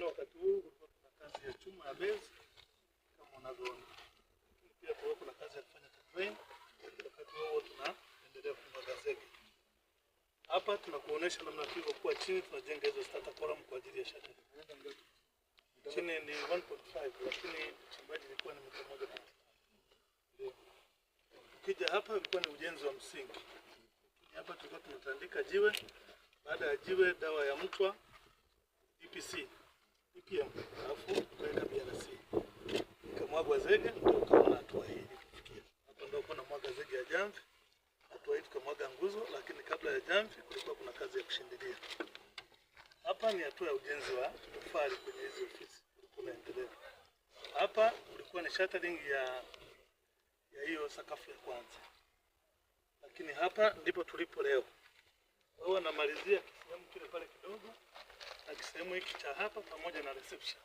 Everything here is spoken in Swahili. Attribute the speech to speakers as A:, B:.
A: Ila wakati huu kulikuwa kuna kazi ya chuma ya base kama unavyoona, pia kulikuwa kuna kazi ya kufanya terrain. Wakati huo tunaendelea kufunga gazeti. Hapa tunakuonesha namna tulivyokuwa chini tunajenga hizo starter column kwa ajili ya shajara. Chini ni 1.5 lakini uchimbaji ilikuwa ni mita moja. Ukija hapa ilikuwa ni ujenzi wa msingi. Hapa tulikuwa tumetandika jiwe, baada ya jiwe dawa ya mtwa DPC e kupikia alafu tukaenda BRC ikamwagwa zege, ndio hatua hii ilifikia hapo. Ndio kuna mwaga zege ya jamvi, hatua hii tukamwaga nguzo, lakini kabla ya jamvi kulikuwa kuna kazi ya kushindilia. Hapa ni hatua ya ujenzi wa tofali kwenye hizi ofisi unaendelea hapa. Kulikuwa ni shattering ya ya hiyo sakafu ya kwanza, lakini hapa ndipo tulipo leo. Wao wanamalizia sehemu hiki cha hapa pamoja na reception.